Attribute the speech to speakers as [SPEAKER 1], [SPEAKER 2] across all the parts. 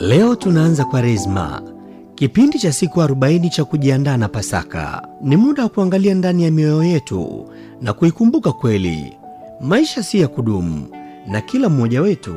[SPEAKER 1] Leo tunaanza Kwaresma, kipindi cha siku 40 cha kujiandaa na Pasaka. Ni muda wa kuangalia ndani ya mioyo yetu na kuikumbuka kweli, maisha si ya kudumu, na kila mmoja wetu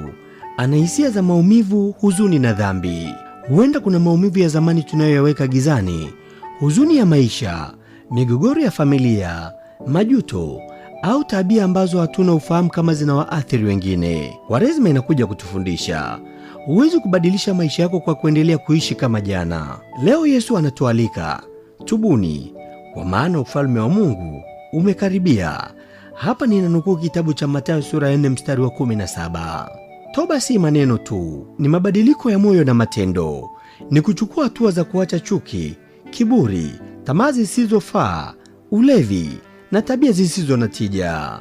[SPEAKER 1] ana hisia za maumivu, huzuni na dhambi. Huenda kuna maumivu ya zamani tunayoyaweka gizani, huzuni ya maisha, migogoro ya familia, majuto au tabia ambazo hatuna ufahamu kama zinawaathiri wengine. Kwaresma inakuja kutufundisha huwezi kubadilisha maisha yako kwa kuendelea kuishi kama jana. Leo Yesu anatualika tubuni, kwa maana ufalme wa Mungu umekaribia. Hapa ninanukuu kitabu cha Mathayo sura ya 4 mstari wa 17. Toba si maneno tu, ni mabadiliko ya moyo na matendo, ni kuchukua hatua za kuacha chuki, kiburi, tamaa zisizofaa, ulevi na tabia zisizo na tija.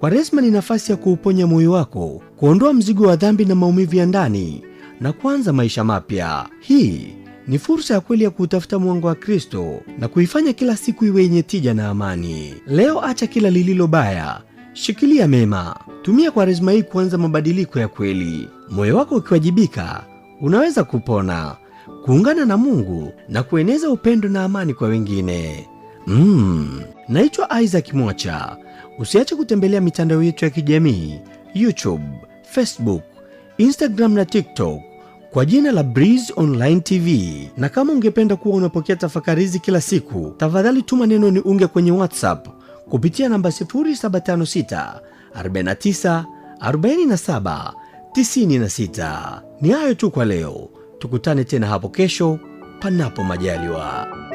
[SPEAKER 1] Kwaresma ni nafasi ya kuuponya moyo wako, kuondoa mzigo wa dhambi na maumivu ya ndani na kuanza maisha mapya. Hii ni fursa ya kweli ya kuutafuta mwanga wa Kristo na kuifanya kila siku iwe yenye tija na amani. Leo acha kila lililo baya, shikilia mema. Tumia Kwaresma hii kuanza mabadiliko ya kweli. Moyo wako ukiwajibika, unaweza kupona, kuungana na Mungu na kueneza upendo na amani kwa wengine. Mm. Naitwa Isaac Mwacha. Usiache kutembelea mitandao yetu ya kijamii YouTube, Facebook, Instagram na TikTok kwa jina la briz Online TV, na kama ungependa kuwa unapokea tafakari hizi kila siku, tafadhali tuma neno ni unge kwenye WhatsApp kupitia namba 756 49 47 96. Ni hayo tu kwa leo, tukutane tena hapo kesho, panapo majaliwa.